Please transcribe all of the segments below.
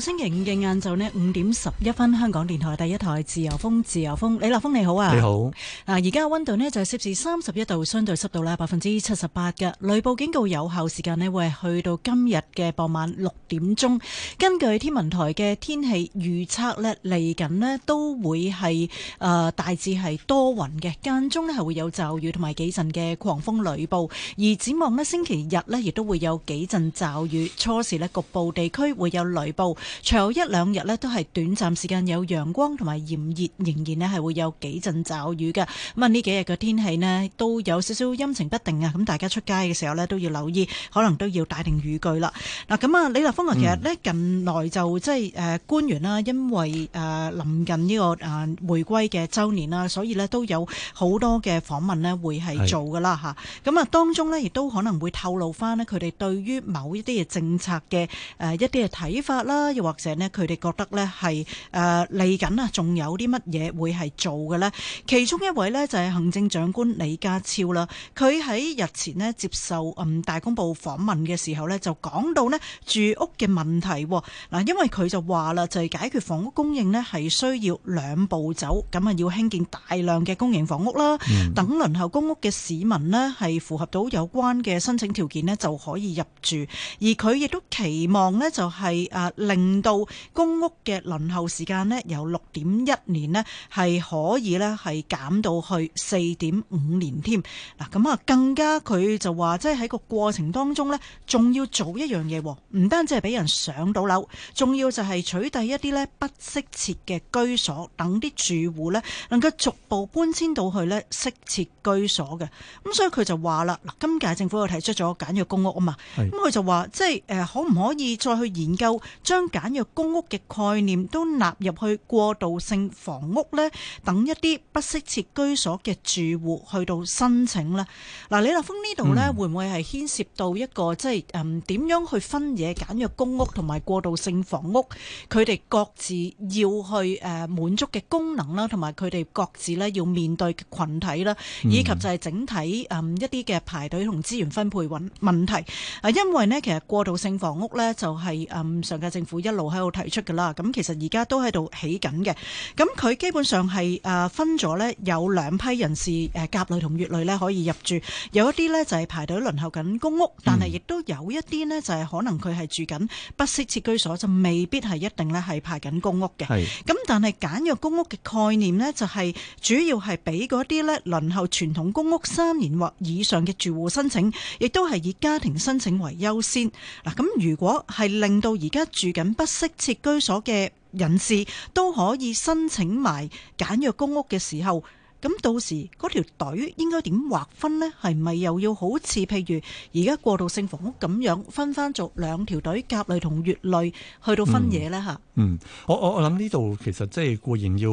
星期五嘅晏晝呢，五點十一分，香港電台第一台自由風，自由風，李立峰你好啊！你好。嗱，而家嘅溫度呢，就係攝氏三十一度，相對濕度咧百分之七十八嘅，雷暴警告有效時間呢，會係去到今日嘅傍晚六點鐘。根據天文台嘅天氣預測呢，嚟緊呢都會係誒、呃、大致係多雲嘅，間中呢係會有驟雨同埋幾陣嘅狂風雷暴。而展望呢星期日呢，亦都會有幾陣驟雨，初時呢，局部地區會有雷暴。除有一兩日呢都係短暫時間有陽光同埋炎熱，仍然呢係會有幾陣驟雨嘅。咁啊，呢幾日嘅天氣呢都有少少陰晴不定啊。咁大家出街嘅時候呢都要留意，可能都要帶定雨具啦。嗱，咁啊，李立峰啊，其實呢近來就即係、嗯、官員啦，因為誒臨、呃、近呢個誒回歸嘅周年啦，所以呢都有好多嘅訪問呢會係做㗎啦嚇。咁啊，當中呢亦都可能會透露翻呢佢哋對於某一啲嘅政策嘅誒一啲嘅睇法啦。或者呢，佢哋覺得呢係誒嚟緊啊，仲、呃、有啲乜嘢會係做嘅呢？其中一位呢，就係行政長官李家超啦。佢喺日前呢接受《誒大公報》訪問嘅時候呢，就講到呢住屋嘅問題。嗱，因為佢就話啦，就係解決房屋供應呢係需要兩步走。咁啊，要興建大量嘅公營房屋啦、嗯，等輪候公屋嘅市民呢係符合到有關嘅申請條件呢就可以入住。而佢亦都期望呢就係誒令到公屋嘅輪候時間呢由六點一年呢，係可以呢，係減到去四點五年添。嗱咁啊，更加佢就話，即係喺個過程當中呢，仲要做一樣嘢，唔單止係俾人上到樓，仲要就係取締一啲呢不適切嘅居所，等啲住戶呢，能夠逐步搬遷到去呢適切居所嘅。咁所以佢就話啦，嗱，今屆政府又提出咗簡約公屋啊嘛，咁佢就話即係誒，可唔可以再去研究將？簡約公屋嘅概念都納入去過渡性房屋咧，等一啲不適切居所嘅住戶去到申請咧。嗱，李立峯呢度咧，會唔會係牽涉到一個即係誒點樣去分嘢？簡約公屋同埋過渡性房屋，佢哋各自要去誒滿足嘅功能啦，同埋佢哋各自咧要面對嘅羣體啦，以及就係整體誒一啲嘅排隊同資源分配揾問題。啊，因為咧其實過渡性房屋咧就係誒上屆政府。一路喺度提出噶啦，咁其實而家都喺度起緊嘅。咁佢基本上係誒分咗咧，有兩批人士誒甲類同乙類咧可以入住，有一啲咧就係排隊輪候緊公屋，但係亦都有一啲咧就係可能佢係住緊不適切居所，就未必係一定咧係排緊公屋嘅。係。咁但係簡約公屋嘅概念咧，就係主要係俾嗰啲咧輪候傳統公屋三年或以上嘅住戶申請，亦都係以家庭申請為優先。嗱，咁如果係令到而家住緊。不適切居所嘅人士都可以申請埋簡約公屋嘅時候，咁到時嗰條隊應該點劃分呢？係咪又要好似譬如而家過渡性房屋咁樣分翻做兩條隊，甲類同乙類去到分嘢呢？吓？嗯，我我我諗呢度其實即係固然要。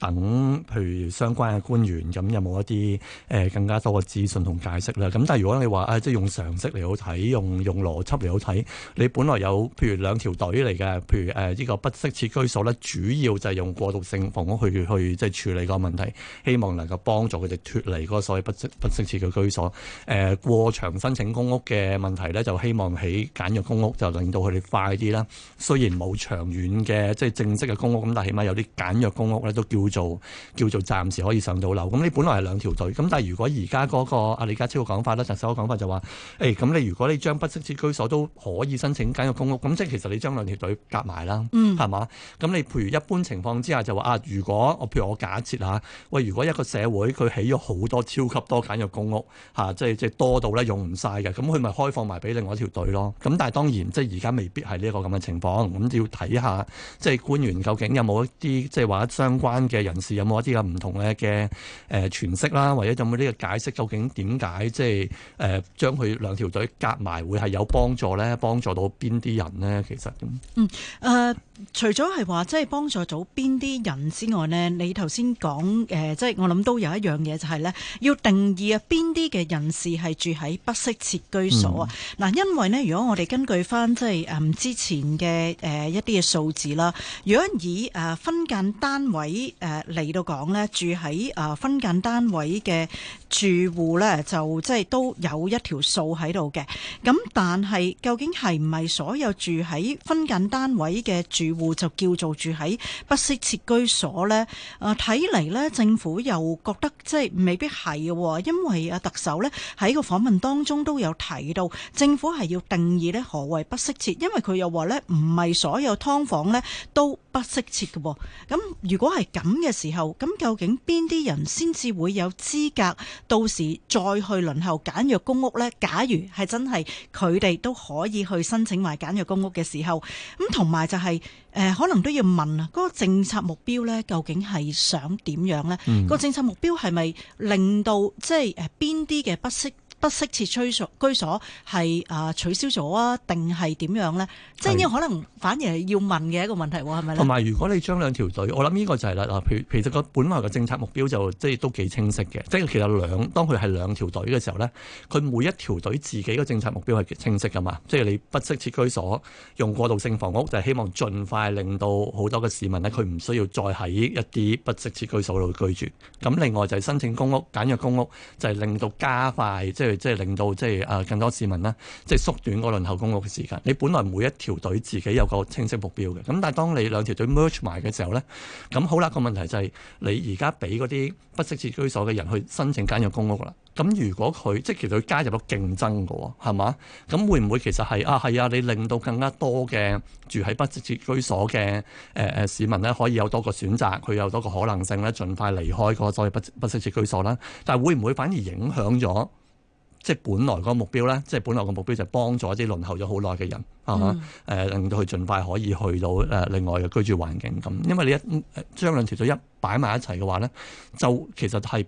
等，譬如相關嘅官員咁，有冇一啲誒、呃、更加多嘅資訊同解釋呢？咁但係如果你話啊，即係用常識嚟好睇，用用邏輯嚟好睇，你本來有譬如兩條隊嚟嘅，譬如誒呢、呃這個不適切居所咧，主要就係用過渡性房屋去去，去即係處理個問題，希望能夠幫助佢哋脫離嗰個所謂不適不適切嘅居所。誒、呃、過長申請公屋嘅問題咧，就希望起簡約公屋，就令到佢哋快啲啦。雖然冇長遠嘅即係正式嘅公屋，咁但係起碼有啲簡約公屋咧，都叫。做叫做暫時可以上到樓，咁你本來係兩條隊，咁但係如果而家嗰個阿李家超嘅講法咧，特首嘅講法就話，誒、哎、咁你如果你將不適切居所都可以申請簡約公屋，咁即係其實你將兩條隊夾埋啦，嗯，係嘛？咁你譬如一般情況之下就話啊，如果我譬如我假設嚇，喂，如果一個社會佢起咗好多超級多簡約公屋吓、啊，即係即係多到咧用唔晒嘅，咁佢咪開放埋俾另外一條隊咯？咁但係當然即係而家未必係呢一個咁嘅情況，咁要睇下即係官員究竟有冇一啲即係話相關嘅。人士有冇一啲嘅唔同嘅嘅誒詮釋啦，或者有冇呢個解釋，究竟點解即係誒將佢兩條隊夾埋會係有幫助咧？幫助到邊啲人咧？其實嗯誒、呃、除咗係話即係幫助到邊啲人之外咧，你頭先講誒即係我諗都有一樣嘢就係、是、咧，要定義啊邊啲嘅人士係住喺不適切居所啊嗱、嗯，因為咧，如果我哋根據翻即係誒之前嘅誒、呃、一啲嘅數字啦，如果以誒、呃、分間單位誒。呃誒嚟到講咧，住喺誒分間單位嘅住戶咧，就即係都有一條數喺度嘅。咁但係究竟係唔係所有住喺分間單位嘅住戶就叫做住喺不適切居所咧？啊，睇嚟咧，政府又覺得即係未必係嘅，因為啊特首咧喺個訪問當中都有提到，政府係要定義咧何謂不適切，因為佢又話咧唔係所有劏房咧都不適切嘅。咁如果係咁，嘅時候，咁究竟邊啲人先至會有資格到時再去輪候簡約公屋咧？假如係真係佢哋都可以去申請埋簡約公屋嘅時候，咁同埋就係、是、誒、呃，可能都要問啊，個政策目標咧，究竟係想點樣咧？嗯，那個政策目標係咪令到即係誒邊啲嘅不適？不適切居所係啊取消咗啊，定係點樣咧？即係呢，可能反而係要問嘅一個問題，係咪？同埋，如果你將兩條隊，我諗呢個就係、是、啦。嗱，其其實個本來嘅政策目標就即係都幾清晰嘅。即係其實兩當佢係兩條隊嘅時候咧，佢每一條隊自己嘅政策目標係清晰㗎嘛。即係你不適切居所，用過渡性房屋就係希望盡快令到好多嘅市民咧，佢唔需要再喺一啲不適切居所度居住。咁另外就係申請公屋、簡約公屋，就係令到加快即係。即係令到即係啊，更多市民咧，即係縮短個輪候公屋嘅時間。你本來每一條隊自己有個清晰目標嘅，咁但係當你兩條隊 merge 埋嘅時候呢，咁好啦。個問題就係你而家俾嗰啲不適切居所嘅人去申請簡約公屋啦。咁如果佢即係佢加入咗競爭嘅喎，係嘛？咁會唔會其實係啊係啊？你令到更加多嘅住喺不適切居所嘅誒誒市民呢，可以有多個選擇，佢有多個可能性呢，盡快離開嗰個所謂不不適切居所啦。但係會唔會反而影響咗？即係本來個目標咧，即係本來個目標就係幫助一啲輪候咗好耐嘅人、嗯、啊！誒，令到佢盡快可以去到誒另外嘅居住環境咁。因為你一將兩條水一擺埋一齊嘅話咧，就其實係。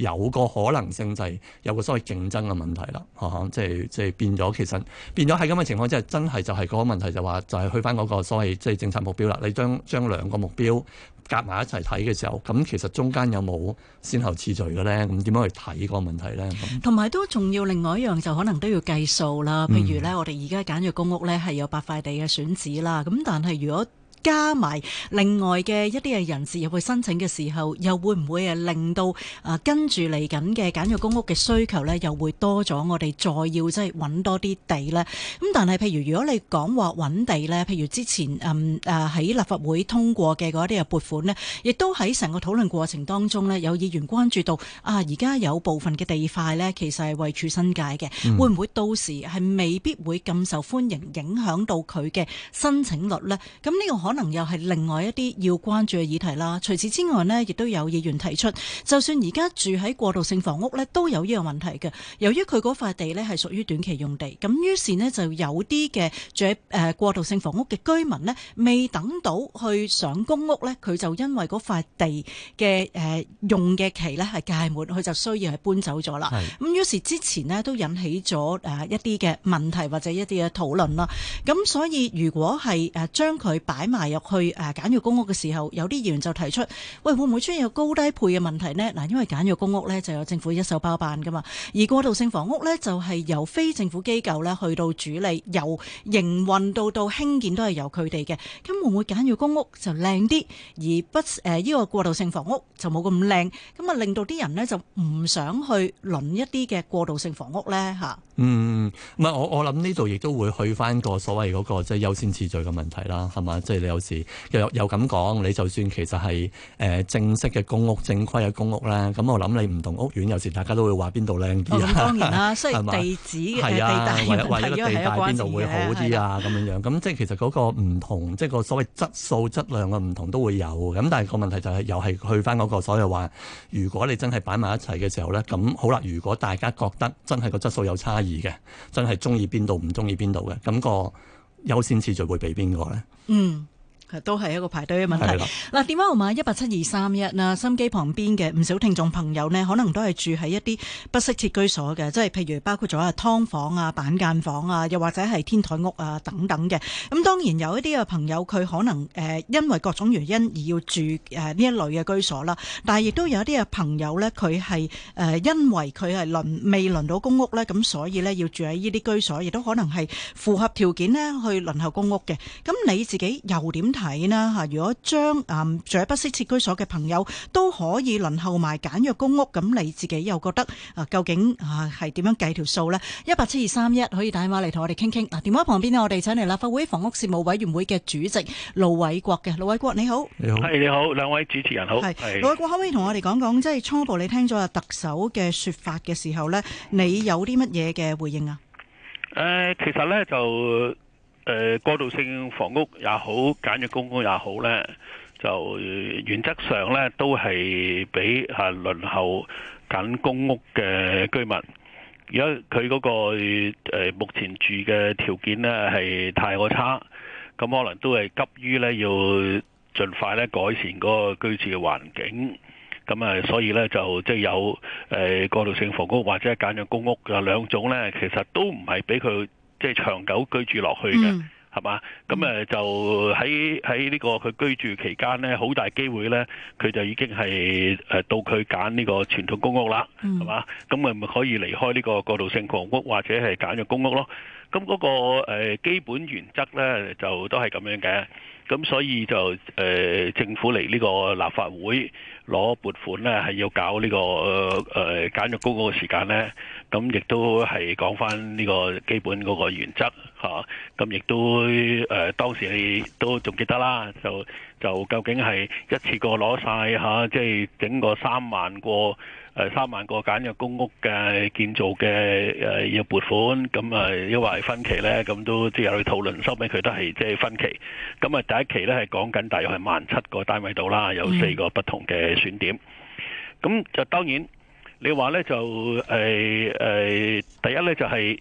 有個可能性就係有個所謂競爭嘅問題啦，嚇即係即係變咗，其實變咗係咁嘅情況下，即係真係就係個問題就話就係去翻嗰個所謂即係政策目標啦。你將將兩個目標夾埋一齊睇嘅時候，咁其實中間有冇先後次序嘅咧？咁點樣去睇個問題咧？同埋都仲要另外一樣就可能都要計數啦。譬如咧，我哋而家簡約公屋咧係有八塊地嘅選址啦。咁但係如果加埋另外嘅一啲嘅人士入去申請嘅時候，又會唔會誒令到誒、啊、跟住嚟緊嘅簡約公屋嘅需求咧，又會多咗？我哋再要即係揾多啲地咧。咁但係譬如如果你講話揾地咧，譬如之前嗯誒喺、啊、立法會通過嘅嗰啲嘅撥款咧，亦都喺成個討論過程當中咧，有議員關注到啊，而家有部分嘅地塊咧，其實係位處新界嘅，嗯，會唔會到時係未必會咁受歡迎，影響到佢嘅申請率咧？咁呢個，可可能又係另外一啲要關注嘅議題啦。除此之外咧，亦都有議員提出，就算而家住喺過渡性房屋咧，都有呢個問題嘅。由於佢嗰塊地咧係屬於短期用地，咁於是咧就有啲嘅住喺誒過渡性房屋嘅居民咧，未等到去上公屋咧，佢就因為嗰塊地嘅誒用嘅期咧係屆滿，佢就需要係搬走咗啦。咁於是之前咧都引起咗誒一啲嘅問題或者一啲嘅討論啦。咁所以如果係誒將佢擺埋。踏入去誒簡約公屋嘅時候，有啲議員就提出：喂，會唔會出現有高低配嘅問題呢？嗱，因為簡約公屋呢，就有政府一手包辦㗎嘛，而過渡性房屋呢，就係由非政府機構呢去到主理，由營運到到興建都係由佢哋嘅。咁會唔會簡約公屋就靚啲，而不誒呢個過渡性房屋就冇咁靚？咁啊令到啲人呢就唔想去輪一啲嘅過渡性房屋呢？吓？嗯，唔係我我諗呢度亦都會去返個所謂嗰個即係優先次序嘅問題啦，係嘛？即係你。有時又有有咁講，你就算其實係誒、呃、正式嘅公屋、正規嘅公屋咧，咁我諗你唔同屋苑，有時大家都會話邊度靚啲啊。當然啦、啊，雖然地址嘅 地，啊、地帶點睇咗地帶邊度會好啲啊，咁、啊、樣樣咁即係其實嗰個唔同，即係個所謂質素、質量嘅唔同都會有。咁但係個問題就係、是、又係去返嗰個所謂，所以話如果你真係擺埋一齊嘅時候咧，咁好啦。如果大家覺得真係個質素有差異嘅，真係中意邊度唔中意邊度嘅，咁、個優先次序會俾邊個咧？嗯。都係一個排隊嘅問題。嗱、啊，電話號碼一八七二三一啦。心機旁邊嘅唔少聽眾朋友呢，可能都係住喺一啲不適切居所嘅，即係譬如包括咗劏房啊、板間房啊，又或者係天台屋啊等等嘅。咁、嗯、當然有一啲嘅朋友佢可能誒、呃、因為各種原因而要住誒呢、呃、一類嘅居所啦。但係亦都有一啲嘅朋友呢，佢係誒因為佢係輪未輪到公屋呢，咁所以呢，要住喺呢啲居所，亦都可能係符合條件呢去輪候公屋嘅。咁你自己又點？睇啦吓，如果將啊、嗯、住喺不適切居所嘅朋友都可以輪候埋簡約公屋，咁你自己又覺得啊，究竟啊係點樣計條數咧？一八七二三一可以打電話嚟同我哋傾傾。嗱、啊，電話旁邊呢，我哋請嚟立法會房屋事務委員會嘅主席盧偉國嘅，盧偉國，盧偉國你好，你好，係、hey, 你好，兩位主持人好，係盧偉國，可唔可以同我哋講講，即係初步你聽咗啊特首嘅說法嘅時候呢？你有啲乜嘢嘅回應啊？誒、uh，其實呢，就。誒過渡性房屋也好，簡約公屋也好咧，就原則上咧都係俾啊輪候緊公屋嘅居民。如果佢嗰個誒目前住嘅條件咧係太過差，咁可能都係急於咧要儘快咧改善嗰個居住嘅環境。咁啊，所以咧就即係有誒過渡性房屋或者簡約公屋嘅兩種咧，其實都唔係俾佢。即係長久居住落去嘅，係、嗯、嘛？咁誒就喺喺呢個佢居住期間咧，好大機會咧，佢就已經係誒到佢揀呢個傳統公屋啦，係、嗯、嘛？咁咪咪可以離開呢個過渡性房屋或者係揀咗公屋咯。咁嗰個基本原則咧，就都係咁樣嘅。咁所以就誒、呃、政府嚟呢個立法會攞撥款呢，係要搞呢、這個誒、呃、簡約公屋個時間呢。咁亦都係講翻呢個基本嗰個原則，咁亦、啊、都誒、呃、當時你都仲記得啦，就就究竟係一次過攞晒，即、啊、係、就是、整個三萬個三萬個簡約公屋嘅建造嘅誒、呃，要撥款，咁啊，因為分期呢。咁都即係去討論，收尾佢都係即係分期。咁啊，第一期呢，係講緊，大約係萬七個單位度啦，有四個不同嘅選點。咁就當然，你話呢，就誒誒、呃，第一呢，就係、是、誒、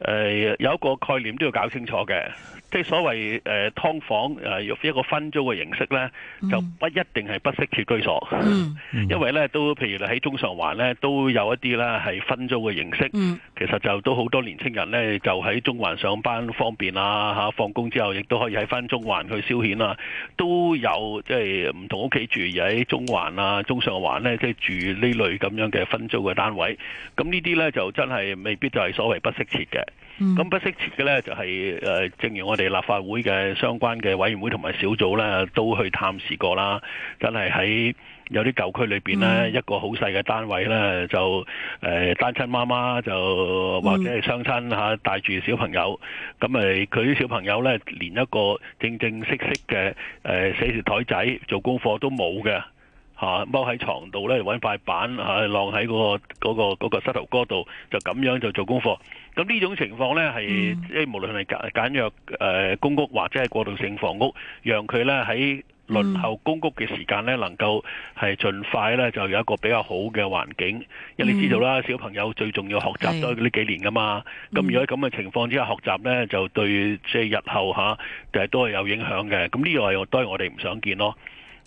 呃、有一個概念都要搞清楚嘅。即係所謂誒、呃、劏房誒、呃，一個分租嘅形式呢，就不一定係不適切居所。嗯、mm.，因為呢，都譬如你喺中上環呢，都有一啲呢係分租嘅形式。嗯、mm.，其實就都好多年青人呢，就喺中環上班方便啊，放、啊、工之後亦都可以喺返中環去消遣啊，都有即係唔同屋企住而喺中環啊、中上環呢，即係住呢類咁樣嘅分租嘅單位。咁呢啲呢，就真係未必就係所謂不適切嘅。咁、嗯、不適切嘅呢，就係誒，正如我哋立法會嘅相關嘅委員會同埋小組呢，都去探視過啦。真係喺有啲舊區裏邊呢，嗯、一個好細嘅單位呢，就誒、呃、單親媽媽就或者係雙親嚇帶住小朋友，咁佢啲小朋友呢，連一個正正式式嘅誒寫字台仔做功課都冇嘅嚇，踎、啊、喺床度呢，揾塊板嚇，晾喺嗰個嗰嗰、那個那個、膝頭哥度，就咁樣就做功課。咁呢種情況咧，係即係無論係簡簡約誒公屋或者係過渡性房屋，讓佢咧喺輪候公屋嘅時間咧，能夠係盡快咧就有一個比較好嘅環境。因為你知道啦，小朋友最重要學習都係呢幾年噶嘛。咁如果咁嘅情況之下學習咧，就對即係日後嚇誒都係有影響嘅。咁呢個又都係我哋唔想見咯。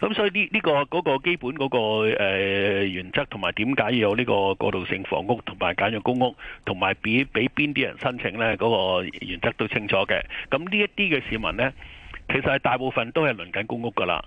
咁所以呢，呢個嗰個基本嗰個誒原則，同埋點解要有呢個過渡性房屋同埋簡約公屋，同埋俾俾邊啲人申請呢？嗰個原則都清楚嘅。咁呢一啲嘅市民呢，其實大部分都係輪緊公屋㗎喇。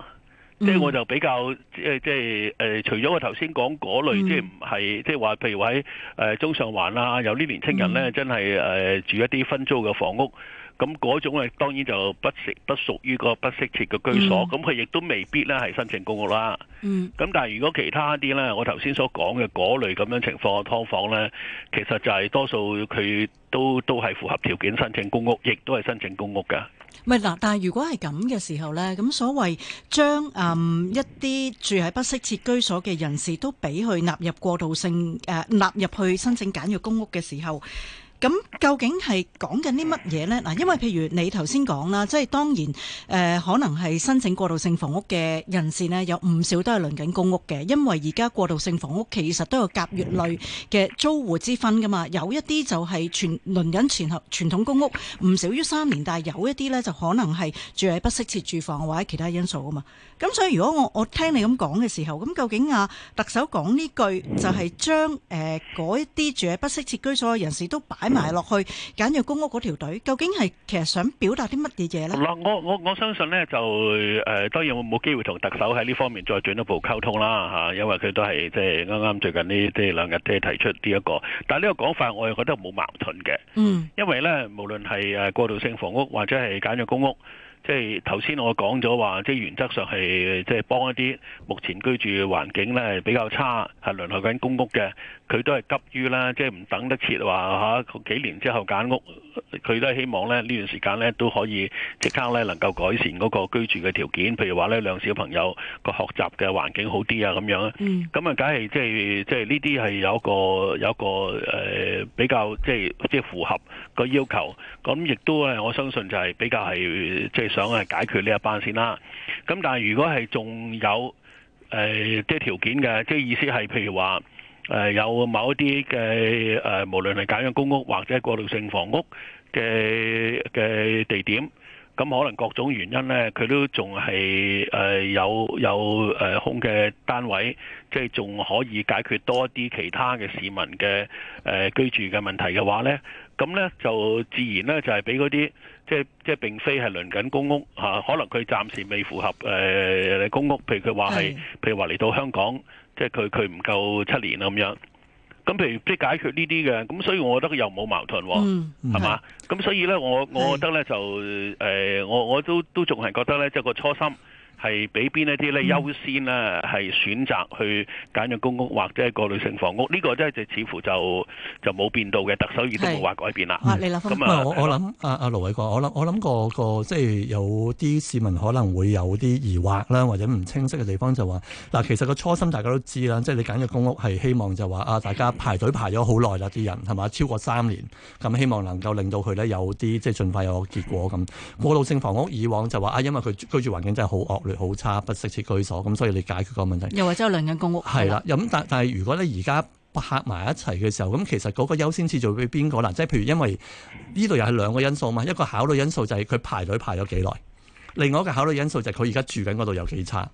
即係我就比較即係即除咗我頭先講嗰類，即唔係即係話，譬如喺誒中上環啦、啊，有啲年青人呢，真係誒住一啲分租嘅房屋。咁嗰種誒當然就不適不屬於個不適切嘅居所，咁佢亦都未必咧係申請公屋啦。咁但係如果其他啲咧，我頭先所講嘅嗰類咁樣情況嘅劏房咧，其實就係多數佢都都係符合條件申請公屋，亦都係申請公屋㗎。唔係嗱，但係如果係咁嘅時候咧，咁所謂將誒一啲住喺不適切居所嘅人士都俾佢納入過渡性誒納入去申請簡約公屋嘅時候。咁究竟係講緊啲乜嘢呢？嗱，因為譬如你頭先講啦，即係當然誒、呃，可能係申請過渡性房屋嘅人士呢，有唔少都係輪緊公屋嘅，因為而家過渡性房屋其實都有甲乙類嘅租戶之分㗎嘛。有一啲就係全輪緊前後傳統公屋，唔少於三年，但係有一啲呢就可能係住喺不適切住房或者其他因素啊嘛。咁所以如果我我聽你咁講嘅時候，咁究竟啊特首講呢句就係將誒嗰一啲住喺不適切居所嘅人士都擺埋落去簡約公屋嗰條隊，究竟係其實想表達啲乜嘢嘢呢？嗱，我我我相信呢，就誒當然我冇機會同特首喺呢方面再進一步溝通啦嚇，因為佢都係即係啱啱最近呢啲兩日即係提出呢一個，但係呢個講法我又覺得冇矛盾嘅，嗯，因為呢，無論係誒過渡性房屋或者係簡約公屋，即係頭先我講咗話，即係原則上係即係幫一啲目前居住環境呢係比較差，係輪候緊公屋嘅。佢都係急於啦，即係唔等得切話嚇，幾年之後揀屋，佢都係希望咧呢段時間咧都可以即刻咧能夠改善嗰個居住嘅條件，譬如話咧兩小朋友個學習嘅環境好啲啊咁樣。嗯。咁啊，梗係即係即係呢啲係有一個有一個誒比較即係即係符合個要求，咁亦都係我相信就係比較係即係想係解決呢一班先啦。咁但係如果係仲有誒即係條件嘅，即係意思係譬如話。誒有某一啲嘅誒，無論係簡約公屋或者過渡性房屋嘅嘅地點，咁可能各種原因呢，佢都仲係誒有有誒空嘅單位，即係仲可以解決多啲其他嘅市民嘅誒居住嘅問題嘅話呢。咁咧就自然咧就係俾嗰啲即即並非係輪緊公屋、啊、可能佢暫時未符合誒、呃、公屋，譬如佢話係，譬如話嚟到香港，即佢佢唔夠七年咁樣。咁譬如即解決呢啲嘅，咁所以我覺得又冇矛盾，係、嗯、嘛？咁所以咧，我我覺得咧就、呃、我我都都仲係覺得咧，即、係、個初心。係俾邊一啲咧優先咧？係選擇去揀入公屋或者係過渡性房屋？呢、這個真係就似乎就就冇變到嘅。特首已經冇話改變啦。咁啊、嗯，我我諗啊啊盧偉國，我諗我諗過個，個即係有啲市民可能會有啲疑惑啦，或者唔清晰嘅地方就話嗱，其實個初心大家都知啦，即係你揀入公屋係希望就話啊，大家排隊排咗好耐啦，啲人係嘛超過三年咁，希望能夠令到佢咧有啲即係儘快有個結果咁。過渡性房屋以往就話啊，因為佢居住環境真係好惡劣。好差，不適切居所，咁所以你解決個問題，又或者有兩間公屋。係啦，咁但但係如果你而家拍埋一齊嘅時候，咁其實嗰個優先次序俾邊個啦？即係譬如因為呢度又係兩個因素嘛，一個考慮因素就係佢排隊排咗幾耐，另外一個考慮因素就係佢而家住緊嗰度有幾差，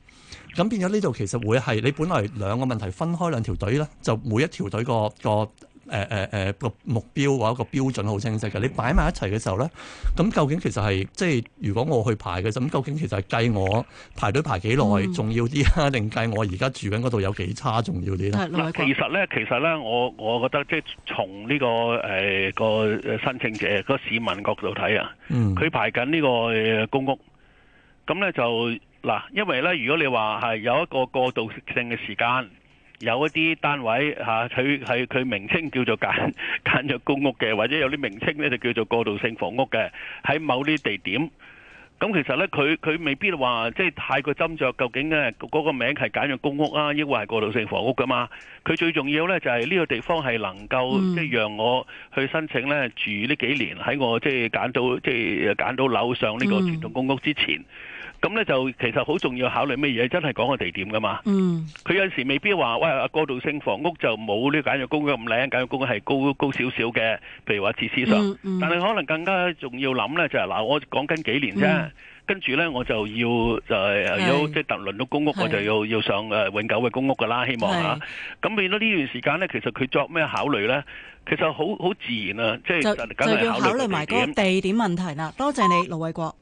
咁變咗呢度其實會係你本來兩個問題分開兩條隊咧，就每一條隊個個。個誒誒誒個目標或者、啊、個標準好清晰嘅，你擺埋一齊嘅時候咧，咁究竟其實係即係如果我去排嘅咁，究竟其實係計我排隊排幾耐重要啲啊，定、嗯、計我而家住緊嗰度有幾差重要啲咧？嗱、嗯，其實咧，其實咧，我我覺得即係從呢、這個誒個、呃、申請者個市民角度睇啊，佢排緊呢個公屋，咁咧就嗱，因為咧，如果你話係有一個過渡性嘅時間。有一啲單位吓，佢係佢名稱叫做簡簡約公屋嘅，或者有啲名稱咧就叫做過渡性房屋嘅，喺某啲地點。咁、嗯、其實咧，佢佢未必話即係太過斟酌究竟咧嗰、那個名係簡約公屋啊，抑或係過渡性房屋㗎嘛？佢最重要咧就係、是、呢個地方係能夠即係、嗯就是、讓我去申請咧住呢幾年，喺我即係揀到即係揀到樓上呢個傳統公屋之前。咁咧就其實好重要考慮乜嘢？真係講個地點噶嘛？嗯，佢有時未必話喂，過渡性房屋就冇呢啲簡約公屋咁靚，簡約公屋係高高少少嘅。譬如話設施上，但係可能更加重要諗咧，就係嗱，我講緊幾年啫。跟住咧，我就要就係要即係輪到公屋，我就要要上誒永久嘅公屋噶啦。希望啊，咁變咗呢段時間咧，其實佢作咩考慮咧？其實好好自然啦，即係就要考慮埋嗰個地點問題啦。多謝你，盧偉國。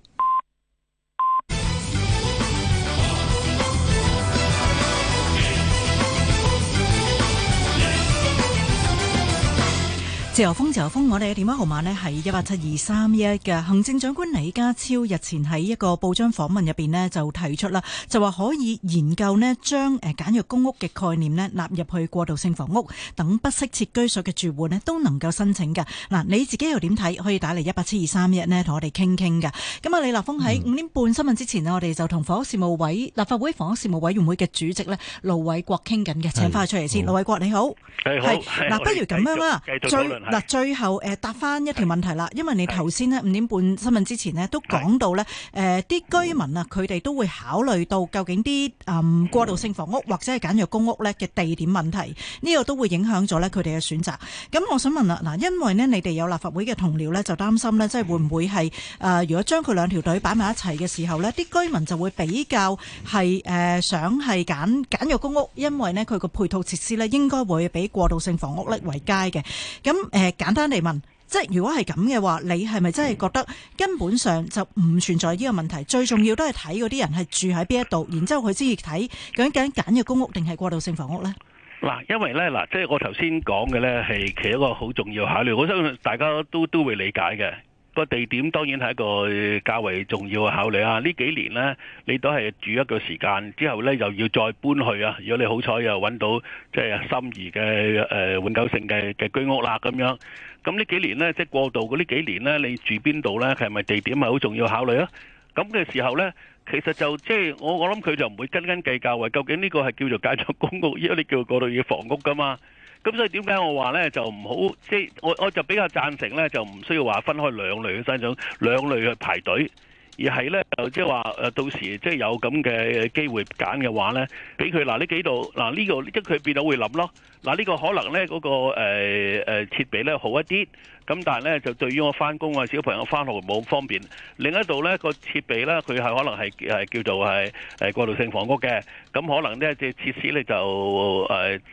自由風，自由風，我哋嘅電話號碼呢係一八七二三一嘅。行政長官李家超日前喺一個報章訪問入面呢就提出啦，就話可以研究呢將誒簡約公屋嘅概念呢納入去過渡性房屋等不適切居所嘅住戶呢都能夠申請嘅。嗱、啊，你自己又點睇？可以打嚟一八七二三一呢同我哋傾傾㗎。咁啊，李立峰喺五點半新聞之前呢、嗯，我哋就同房屋事務委立法會房屋事務委員會嘅主席呢盧偉國傾緊嘅。請翻出嚟先。盧偉國，來來好，盧偉國你好。好。係嗱、啊，不如咁樣啦，嗱，最後誒答翻一條問題啦，因為你頭先呢，五點半新聞之前呢，都講到呢誒啲居民啊，佢哋都會考慮到究竟啲誒、嗯、過渡性房屋或者係簡約公屋呢嘅地點問題，呢個都會影響咗呢佢哋嘅選擇。咁我想問啦，嗱，因為呢，你哋有立法會嘅同僚呢，就擔心呢，即係會唔會係誒如果將佢兩條隊擺埋一齊嘅時候呢，啲居民就會比較係誒、呃、想係揀簡，簡約公屋，因為呢，佢個配套設施呢，應該會比過渡性房屋呢為佳嘅。咁誒，簡單嚟，問，即係如果係咁嘅話，你係咪真係覺得根本上就唔存在呢個問題？最重要都係睇嗰啲人係住喺邊一度，然之後佢先至睇究竟揀嘅公屋定係過渡性房屋呢？嗱，因為呢，嗱，即係我頭先講嘅呢，係其中一個好重要考慮，我相信大家都都會理解嘅。個地點當然係一個較為重要嘅考慮啊！呢幾年呢，你都係住一個時間之後呢，又要再搬去啊！如果你好彩又揾到即係心儀嘅誒永久性嘅嘅居屋啦咁樣，咁呢幾年呢，即係過渡嗰呢幾年呢，你住邊度呢？係咪地點係好重要考慮啊？咁嘅時候呢，其實就即係我我諗佢就唔會斤斤計較，話究竟呢個係叫做簡約公屋，因為你叫做過渡嘅房屋噶嘛。咁所以點解我話咧就唔好即、係、我我就比較贊成咧，就唔需要話分開兩類嘅申請兩類去排隊，而係咧就即係話到時即係有咁嘅機會揀嘅話咧，俾佢嗱呢幾度嗱呢、啊呢個，即係佢變到會諗咯。嗱、啊、呢、呢個可能咧嗰、嗰個誒、呃、設備咧好一啲，咁但係咧就對於我翻工啊，小朋友翻學冇咁方便。另一度咧、嗰個設備咧佢係可能係叫做係誒過渡性房屋嘅，咁可能呢即係設施咧就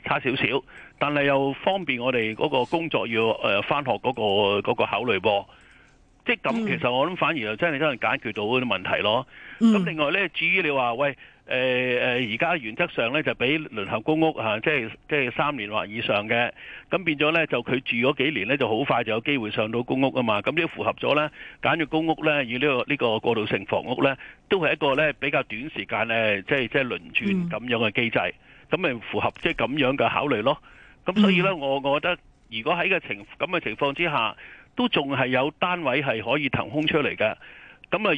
差少少。但係又方便我哋嗰個工作要誒返學嗰、那個嗰、那個考慮喎。即係咁，mm. 其實我諗反而又真係真係解決到啲問題咯。咁另外呢，至於你話喂誒誒，而、呃、家、呃、原則上呢就俾輪候公屋吓、啊，即係即係三年或以上嘅，咁變咗呢，就佢住咗幾年呢就好快就有機會上到公屋啊嘛。咁呢符合咗呢簡約公屋呢與呢、這個呢、這個過渡性房屋呢，都係一個呢比較短時間呢即係即係輪轉咁樣嘅機制，咁、mm. 咪符合即係咁樣嘅考慮咯。咁所以呢，我、嗯、我覺得，如果喺個情咁嘅情況之下，都仲係有單位係可以騰空出嚟嘅，咁啊，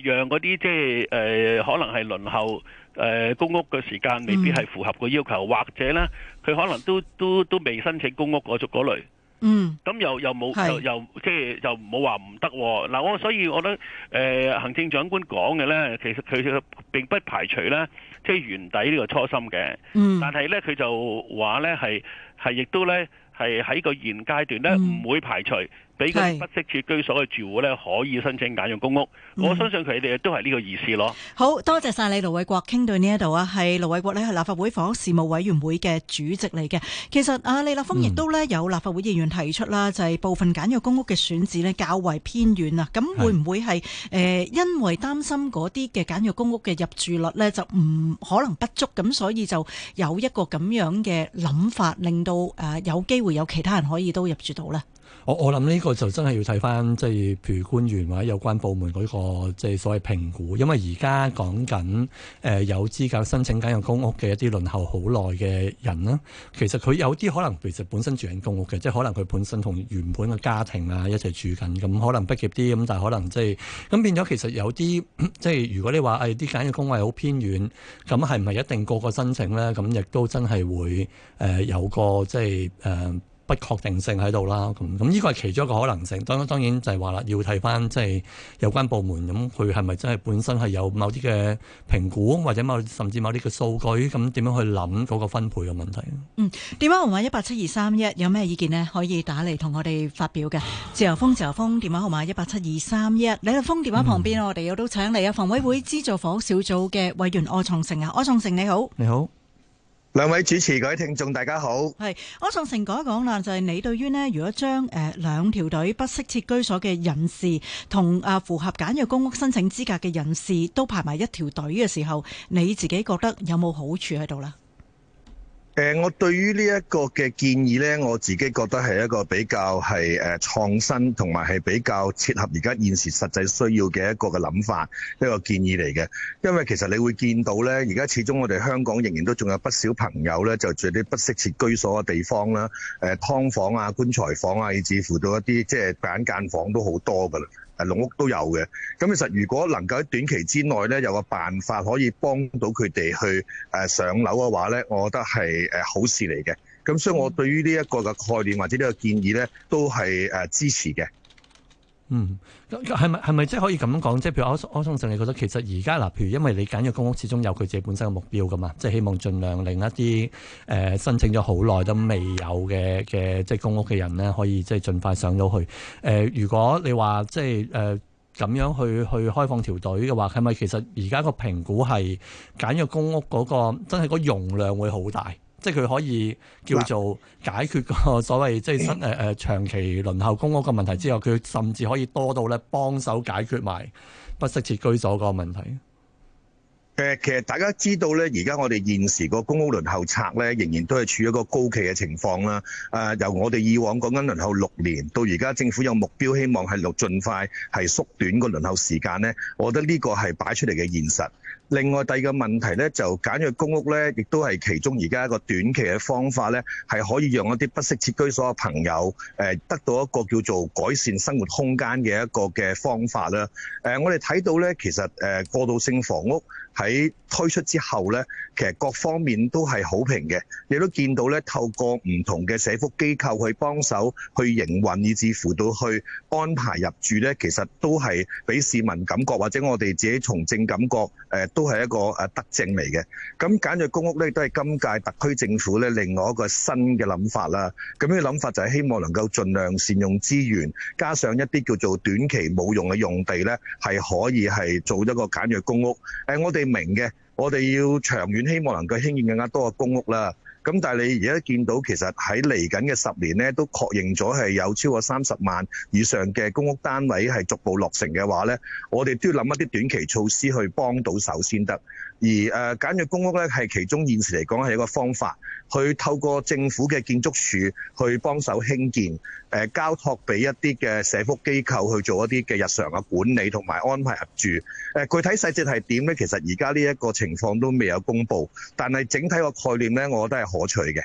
讓嗰啲即係誒、呃、可能係輪候誒、呃、公屋嘅時間未必係符合個要求、嗯，或者呢，佢可能都都都，都未申請公屋嗰種嗰類。嗯。咁又又冇又，又即係又冇話唔得喎。嗱、啊，我所以我覺得、呃、行政長官講嘅呢，其實佢並不排除呢，即、就、係、是、原底呢個初心嘅。嗯。但係呢，佢就話呢係。係亦都咧，係喺個現階段咧，唔會排除。俾嘅不適切居所嘅住戶咧，可以申請簡約公屋。嗯、我相信佢哋都係呢個意思咯。好多謝晒你盧偉，盧偉國，傾到呢一度啊。係盧偉國呢係立法會房屋事務委員會嘅主席嚟嘅。其實啊，李立峰亦都呢有立法會議員提出啦、嗯，就係、是、部分簡約公屋嘅選址咧較為偏遠啊。咁會唔會係誒、呃、因為擔心嗰啲嘅簡約公屋嘅入住率呢就唔可能不足，咁所以就有一個咁樣嘅諗法，令到誒、呃、有機會有其他人可以都入住到呢？我我諗呢個就真係要睇翻，即係譬如官員或者有關部門嗰、那個即係所謂評估，因為而家講緊誒有資格申請簡約公屋嘅一啲輪候好耐嘅人啦，其實佢有啲可能，其實本身住緊公屋嘅，即係可能佢本身同原本嘅家庭啊一齊住緊咁，可能迫狹啲咁，但係可能即係咁變咗，其實有啲即係如果你話啲簡約公屋係好偏遠，咁係唔係一定個個申請咧？咁亦都真係會誒、呃、有個即係、呃不確定性喺度啦，咁咁依個係其中一個可能性。當當然就係話啦，要睇返即係有關部門咁，佢係咪真係本身係有某啲嘅評估，或者某甚至某啲嘅數據，咁點樣去諗嗰個分配嘅問題？嗯，電話號碼一八七二三一，有咩意見呢？可以打嚟同我哋發表嘅。自由風，自由風，電話號碼一八七二三一。你立風電話旁邊，嗯、我哋又都請嚟啊，房委會資助房屋小組嘅委員柯創盛啊，柯創盛你好。你好。兩位主持，各位聽眾，大家好。係我創盛講一講啦，就係、是、你對於呢：如果將誒兩條隊不適切居所嘅人士同啊、呃、符合簡約公屋申請資格嘅人士都排埋一條隊嘅時候，你自己覺得有冇好處喺度呢？誒，我對於呢一個嘅建議呢，我自己覺得係一個比較係誒創新，同埋係比較切合而家現時實際需要嘅一個嘅諗法，一個建議嚟嘅。因為其實你會見到呢，而家始終我哋香港仍然都仲有不少朋友呢，就住啲不適切居所嘅地方啦，誒劏房啊、棺材房啊，以至乎到一啲即係板間房都好多㗎啦。誒籠屋都有嘅，咁其實如果能夠喺短期之內咧，有個辦法可以幫到佢哋去誒上樓嘅話，呢我覺得係誒好事嚟嘅。咁所以我對於呢一個嘅概念或者呢個建議呢，都係誒支持嘅。嗯，係咪係咪即係可以咁樣講？即係譬如柯柯創盛你覺得其實而家嗱，譬如因為你簡約公屋始終有佢自己本身嘅目標噶嘛，即、就、係、是、希望盡量令一啲誒、呃、申請咗好耐都未有嘅嘅即係公屋嘅人咧，可以即係盡快上到去誒、呃。如果你話即係誒咁樣去去開放條隊嘅話，係咪其實而家個評估係簡約公屋嗰、那個真係個容量會好大？即係佢可以叫做解決個所謂即係新長期輪候公屋個問題之後，佢甚至可以多到咧幫手解決埋不適切居所個問題。其實大家知道咧，而家我哋現時個公屋輪候冊咧，仍然都係處於一個高企嘅情況啦。由我哋以往講緊輪候六年，到而家政府有目標希望係六盡快係縮短個輪候時間咧，我覺得呢個係擺出嚟嘅現實。另外第二個問題呢，就簡約公屋呢，亦都係其中而家一個短期嘅方法呢，係可以讓一啲不適切居所嘅朋友，得到一個叫做改善生活空間嘅一個嘅方法啦、呃。我哋睇到呢，其實誒、呃、過渡性房屋喺推出之後呢，其實各方面都係好評嘅，亦都見到呢，透過唔同嘅社福機構去幫手去營運，以至乎到去安排入住呢，其實都係俾市民感覺，或者我哋自己從政感覺，呃都係一個誒德政嚟嘅，咁簡約公屋呢，都係今屆特區政府呢，另外一個新嘅諗法啦。咁呢個諗法就係希望能夠盡量善用資源，加上一啲叫做短期冇用嘅用地呢，係可以係做一個簡約公屋。誒，我哋明嘅，我哋要長遠，希望能夠興建更加多嘅公屋啦。咁但係你而家見到其實喺嚟緊嘅十年咧，都確認咗係有超過三十萬以上嘅公屋單位係逐步落成嘅話咧，我哋都要諗一啲短期措施去幫到手先得。而誒簡約公屋咧，係其中現時嚟講係一個方法，去透過政府嘅建築署去幫手興建，誒交託俾一啲嘅社福機構去做一啲嘅日常嘅管理同埋安排入住。誒具體細節係點咧？其實而家呢一個情況都未有公布，但係整體個概念咧，我覺得係可取嘅。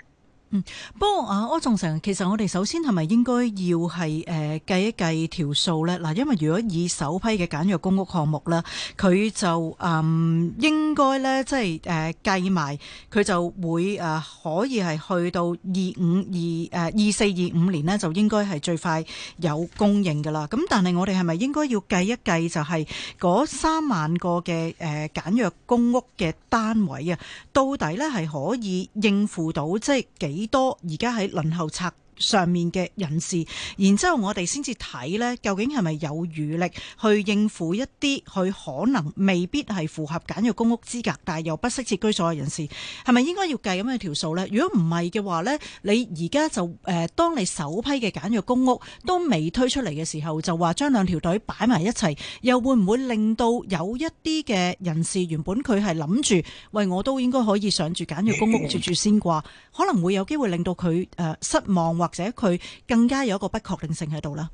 嗯，不過啊，柯創盛，其實我哋首先係咪應該要係誒、呃、計一計條數咧？嗱，因為如果以首批嘅簡約公屋項目啦，佢就嗯應該咧，即係誒、呃、計埋佢就會誒、呃、可以係去到二五二、呃、二四二五年呢，就應該係最快有供應噶啦。咁但係我哋係咪應該要計一計就係嗰三萬個嘅誒、呃、簡約公屋嘅單位啊？到底咧係可以應付到即係幾？幾多？而家喺輪候冊上面嘅人士，然之後我哋先至睇咧，究竟係咪有餘力去應付一啲佢可能未必係符合簡約公屋資格，但係又不適切居所嘅人士，係咪應該要計咁嘅條數咧？如果唔係嘅話咧，你而家就誒、呃、當你首批嘅簡約公屋都未推出嚟嘅時候，就話將兩條隊擺埋一齊，又會唔會令到有一啲嘅人士原本佢係諗住，喂我都應該可以上住簡約公屋住住先啩，可能會有機會令到佢誒、呃、失望或？或者佢更加有一個不確定性喺度啦。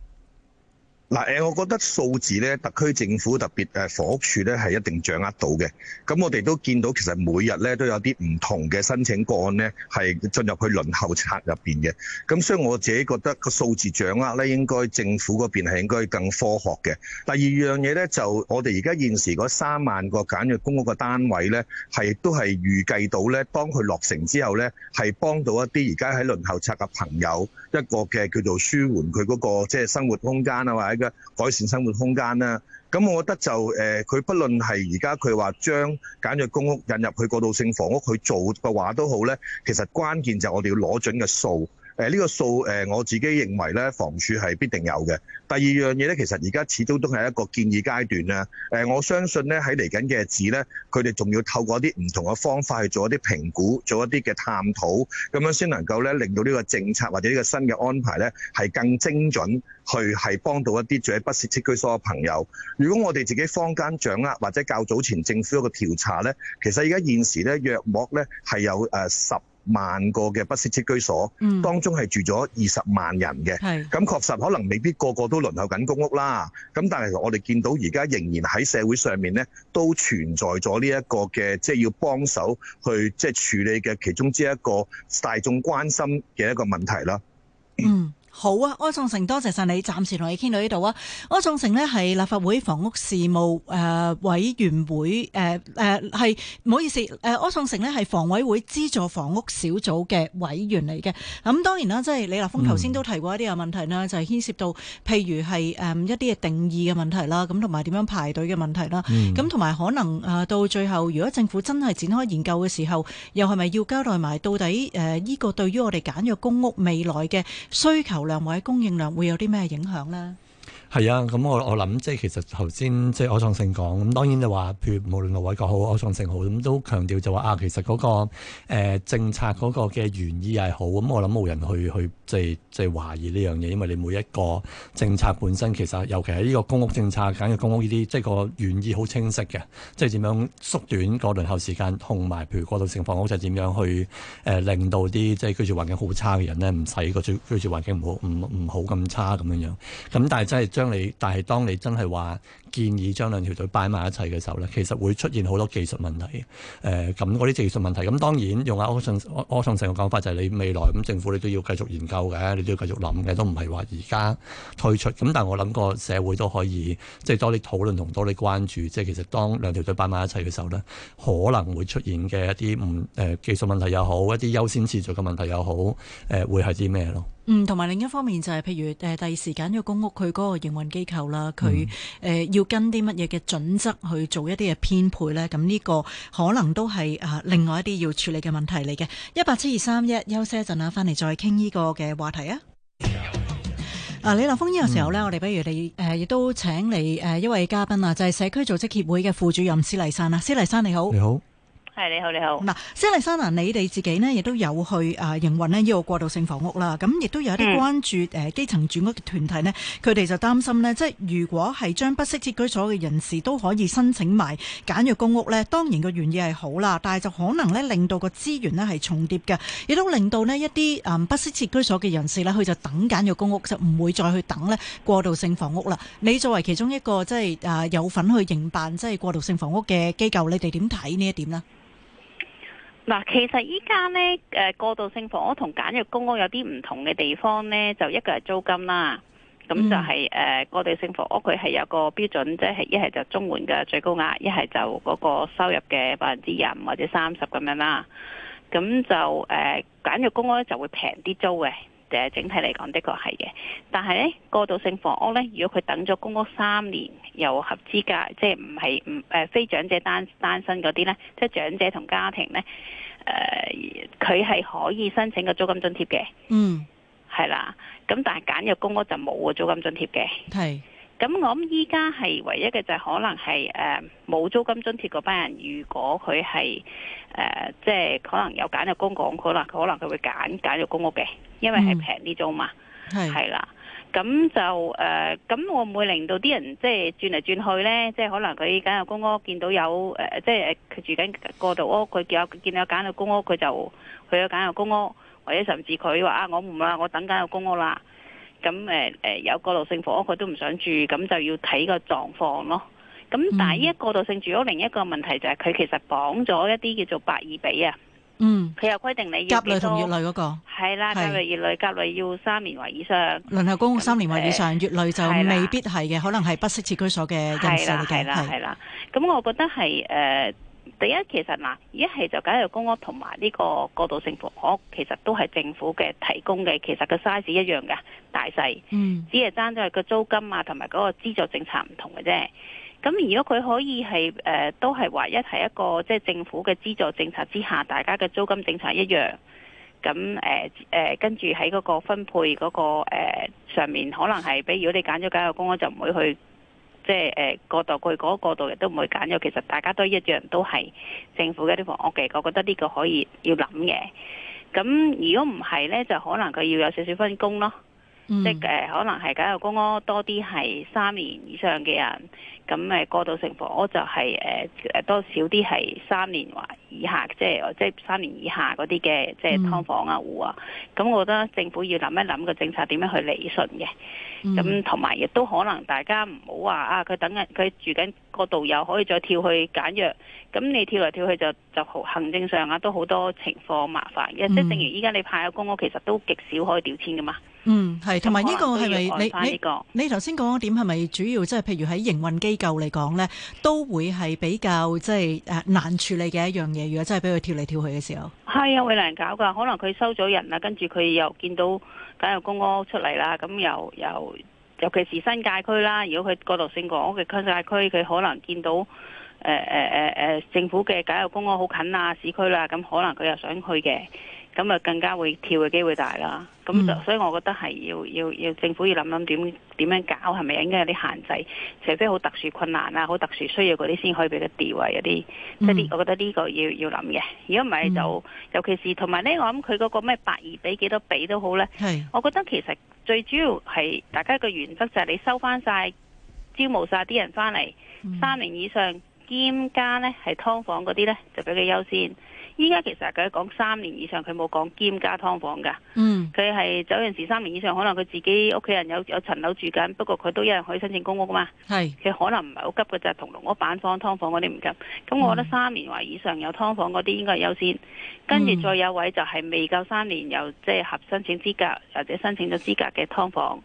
嗱誒我覺得數字咧，特區政府特別誒房屋署咧，係一定掌握到嘅。咁我哋都見到，其實每日咧都有啲唔同嘅申請個案咧，係進入佢輪候冊入邊嘅。咁所以我自己覺得個數字掌握咧，應該政府嗰邊係應該更科學嘅。第二樣嘢咧，就我哋而家現時嗰三萬個簡約公屋嘅單位咧，係都係預計到咧，當佢落成之後咧，係幫到一啲而家喺輪候冊嘅朋友。一個嘅叫做舒緩佢嗰個即係生活空間啊，或者改善生活空間啦。咁我覺得就誒，佢不論係而家佢話將簡約公屋引入去過渡性房屋去做嘅話都好咧，其實關鍵就係我哋要攞準嘅數。誒、這、呢個數誒我自己認為呢房署係必定有嘅。第二樣嘢呢其實而家始終都係一個建議階段啦。我相信呢喺嚟緊嘅日子呢佢哋仲要透過一啲唔同嘅方法去做一啲評估，做一啲嘅探討，咁樣先能夠呢令到呢個政策或者呢個新嘅安排呢係更精準，去係幫到一啲住喺不適切居所嘅朋友。如果我哋自己坊間掌握或者較早前政府一個調查呢，其實而家現時呢約莫呢係有十。萬個嘅不適切居所，當中係住咗二十萬人嘅，咁確實可能未必個個都輪候緊公屋啦。咁但係我哋見到而家仍然喺社會上面呢，都存在咗呢一個嘅，即係要幫手去即係處理嘅其中之一個大眾關心嘅一個問題啦。嗯。好啊，柯創盛，多謝晒你，暫時同你傾到呢度啊。柯創盛咧，係立法會房屋事務誒委員會，誒，誒係，唔好意思，誒柯創盛咧，係房委會資助房屋小組嘅委員嚟嘅。咁當然啦，即係李立峰頭先都提過一啲嘅問題啦，嗯，就係、是，牽涉到譬如係誒一啲嘅定義嘅問題啦，咁同埋點樣排隊嘅問題啦，咁同埋可能誒到最後如果政府真係展開研究嘅時候，又係咪要交代埋到底誒呢個對於我哋簡約公屋未來嘅需求，兩位供應量會有啲咩影響呢？係啊，咁我我諗即係其實頭先即係柯創盛講，咁當然就話，譬如無論盧偉國好，柯創盛好，咁都強調就話啊，其實嗰、那個誒、呃、政策嗰個嘅原意係好，咁、嗯、我諗冇人去去即係即係懷疑呢樣嘢，因為你每一個政策本身，其實尤其喺呢個公屋政策，簡約公屋呢啲，即係個原意好清晰嘅，即係點樣縮短個輪候時間，同埋譬如過渡性房屋就點樣去誒、呃、令到啲即係居住環境好差嘅人咧，唔使個居住環境唔好唔唔好咁差咁樣樣，咁但係真係。將你，但係，當你真係話。建議將兩條隊擺埋一齊嘅時候呢，其實會出現好多技術問題。誒、呃，咁嗰啲技術問題，咁當然用阿柯創盛嘅講法就係你未來咁政府你都要繼續研究嘅，你都要繼續諗嘅，都唔係話而家退出。咁但係我諗個社會都可以即係多啲討論同多啲關注。即係其實當兩條隊擺埋一齊嘅時候呢，可能會出現嘅一啲唔誒技術問題又好，一啲優先次序嘅問題又好，誒、呃、會係啲咩咯？嗯，同埋另一方面就係、是、譬如誒第二時間要公屋，佢嗰個營運機構啦，佢誒、嗯呃要跟啲乜嘢嘅準則去做一啲嘅編配咧？咁、這、呢個可能都係啊，另外一啲要處理嘅問題嚟嘅。一八七二三一，休息一陣啊，翻嚟再傾呢個嘅話題啊！啊、嗯，李立峰，呢、這個時候咧，我哋不如你誒亦都請嚟誒一位嘉賓啊，就係、是、社區組織協會嘅副主任施麗珊啊，施麗珊你好。你好。係、hey，你好，你好。嗱，施麗珊娜，你哋自己呢亦都有去啊營運呢呢個過渡性房屋啦。咁亦都有一啲關注誒、啊、基層住屋嘅團體呢，佢哋就擔心呢，即如果係將不適切居所嘅人士都可以申請埋簡約公屋呢，當然個原意係好啦，但係就可能呢令到個資源呢係重疊嘅，亦都令到呢一啲啊不適切居所嘅人士呢，佢就等簡約公屋，就唔會再去等呢過渡性房屋啦。你作為其中一個即係、啊、有份去營辦即係過渡性房屋嘅機構，你哋點睇呢一點呢？嗱，其實依家咧，過渡性房屋同簡約公屋有啲唔同嘅地方咧，就一個係租金啦，咁就係、是嗯呃、過渡性房屋佢係有個標準，即係一係就中門嘅最高額，一係就嗰個收入嘅百分之廿五或者三十咁樣啦，咁就誒、呃、簡約公屋就會平啲租嘅。整體嚟講的確係嘅，但係咧，過渡性房屋咧，如果佢等咗公屋三年又合資格，即係唔係唔誒非長者單單身嗰啲咧，即係長者同家庭咧，誒佢係可以申請個租金津貼嘅。嗯，係啦，咁但係簡約公屋就冇個租金津貼嘅。係。咁我諗依家係唯一嘅就可能係誒冇租金津貼嗰班人。如果佢係誒即係可能有簡約公屋，可能佢可能佢會揀簡約公屋嘅，因為係平啲租嘛，係、嗯、啦。咁就誒，咁會唔會令到啲人即係轉嚟轉去咧？即係可能佢簡約公屋，見到有即係佢住緊過渡屋，佢見有到簡約公屋，佢就去咗簡約公屋，或者甚至佢話啊，我唔啦，我等簡約公屋啦。咁、呃、有過渡性房屋佢都唔想住，咁就要睇個狀況咯。咁但係依一個過渡性住屋，另一個問題就係、是、佢其實綁咗一啲叫做八二比啊。嗯，佢又規定你要甲類同乙、那個、類嗰個係啦，甲要三年或以上，輪候公屋三年或以上，嗯、乙類就未必係嘅，可能係不適切居所嘅人嘅。係啦係啦係啦，咁我覺得第一，其實嗱，一係就簡約公屋同埋呢個過渡性房屋，其實都係政府嘅提供嘅，其實個 size 一樣嘅大細，嗯，只係爭咗係個租金啊同埋嗰個資助政策唔同嘅啫。咁如果佢可以係誒、呃、都係唯一係一個即係、就是、政府嘅資助政策之下，大家嘅租金政策一樣，咁誒誒跟住喺嗰個分配嗰、那個、呃、上面，可能係比如果你揀咗簡約公屋就唔會去。即係誒過度，佢嗰過度亦都唔會揀咗，其實大家都一樣都係政府嘅一啲房屋嘅，我覺得呢個可以要諗嘅。咁如果唔係呢，就可能佢要有少少分工咯。嗯、即誒、呃，可能係簡約公屋多啲，係三年以上嘅人咁，誒、呃、過渡性房屋就係誒誒多少啲係三年或以下，即係即係三年以下嗰啲嘅即係劏房啊、戶啊。咁我覺得政府要諗一諗個政策點樣去理順嘅。咁同埋亦都可能大家唔好話啊，佢等緊佢住緊過渡又可以再跳去簡約咁，那你跳來跳去就就行政上啊都好多情況麻煩嘅、嗯。即係正如依家你派嘅公屋其實都極少可以調遷噶嘛。嗯，係，同埋呢個係咪你你你頭先講嗰，點係咪主要即係譬如喺營運機構嚟講呢，都會係比較即係誒難處理嘅一樣嘢，如果真係俾佢跳嚟跳去嘅時候，係啊，會難搞㗎。可能佢收咗人啦，跟住佢又見到簡約公屋出嚟啦，咁又又尤其是新界區啦，如果佢過渡性公屋嘅新界區，佢可能見到、呃呃、政府嘅簡約公屋好近啊市區啦，咁可能佢又想去嘅。咁啊，更加會跳嘅機會大啦。咁、嗯、就所以，我覺得係要要要政府要諗諗點樣搞，係咪應該有啲限制，除非好特殊困難啊、好特殊需要嗰啲先可以俾佢調啊。有啲即係呢，嗯、我覺得呢個要要諗嘅。如果唔係就、嗯，尤其是同埋呢，我諗佢嗰個咩百二畀幾多畀都好呢。我覺得其實最主要係大家一個原則就係你收翻曬招募曬啲人翻嚟，三、嗯、年以上兼加呢係㓥房嗰啲呢，就俾佢優先。依家其實佢講三年以上，佢冇講兼加劏房㗎。嗯，佢係走陣時三年以上，可能佢自己屋企人有有層樓住緊，不過佢都一樣可以申請公屋㗎嘛。係，佢可能唔係好急㗎，就係同籠屋板房劏房嗰啲唔急。咁我覺得三年或以上有劏房嗰啲應該係優先，跟住再有位就係未夠三年又即係合申請資格或者申請咗資格嘅劏房。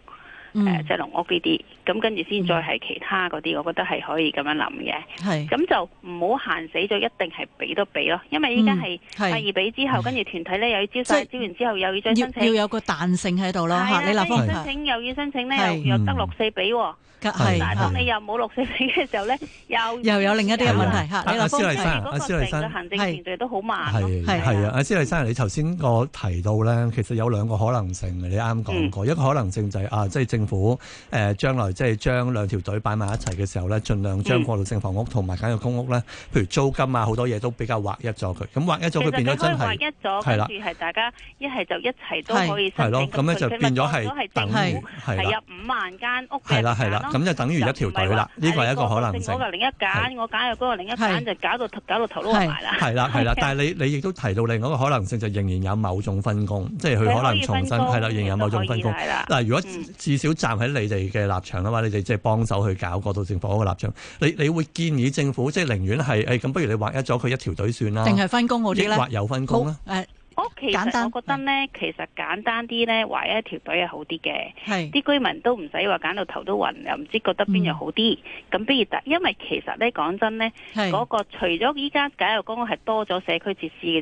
誒、嗯，即係農屋呢啲，咁跟住先再係其他嗰啲，嗯，我覺得係可以咁樣諗嘅。係，咁就唔好限死咗，一定係俾都俾咯。因為依家係第二俾之後，跟住團體咧又要招曬，招完之後又要再申請，要，要有個彈性喺度咯。你立豐申請又要申請咧，又又得六四俾喎。係，當你又冇六四俾嘅時候咧，又，啊，又有另一啲問題嚇。阿施麗珊，啊，阿施麗珊，行政程序都好慢。係係啊，阿施麗珊，你頭先個提到咧，其實有兩個可能性，你啱講過，嗯，一個可能性就係，是，啊，即係政政府誒將來即係將兩條隊擺埋一齊嘅時候咧，盡量將過渡性房屋同埋簡約公屋咧，譬如租金啊好多嘢都比較劃一咗佢，咁劃一咗佢變咗真係。就可以劃一咗，係啦，係大家一係就一齊都可以申請咁樣就變咗係。係咯，咁咧就變咗係政府係啊，五萬間屋係啦係啦，咁就等於一條隊啦。呢個係一個可能性。我另一間，我揀入嗰個另一間就搞到搞到頭都埋啦。係啦係啦，但係你你亦都提到另外一個可能性，就仍然有某種分工，即係佢可能重新係啦，仍然有某種分工。嗱，如果至少站喺你哋嘅立場啊嘛，你哋即係幫手去搞過到政府嗰個立場。你場你，你會建議政府即係寧願係誒咁，哎、不如你劃一咗佢一條隊算啦。定係分工好啲咧？抑或有分工咧？屋、哦、其實我覺得咧，其實簡單啲咧，唯一條隊係好啲嘅。係啲居民都唔使話揀到頭都暈，又唔知覺得邊樣好啲。咁、嗯、不如因為其實咧講真咧，嗰、那個除咗依家簡約公屋係多咗社區設施嘅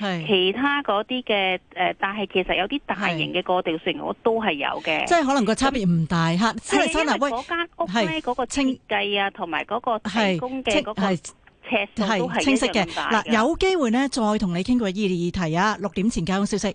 啫，其他嗰啲,嘅誒，但係其實有啲大型嘅過渡性我都係有嘅。即係可能個差別唔大吓，即係因為嗰間屋咧嗰、那個設計啊，同埋嗰個提供嘅嗰個。係清晰嘅嗱，有機會咧再同你傾過議題啊！六點前交通消息。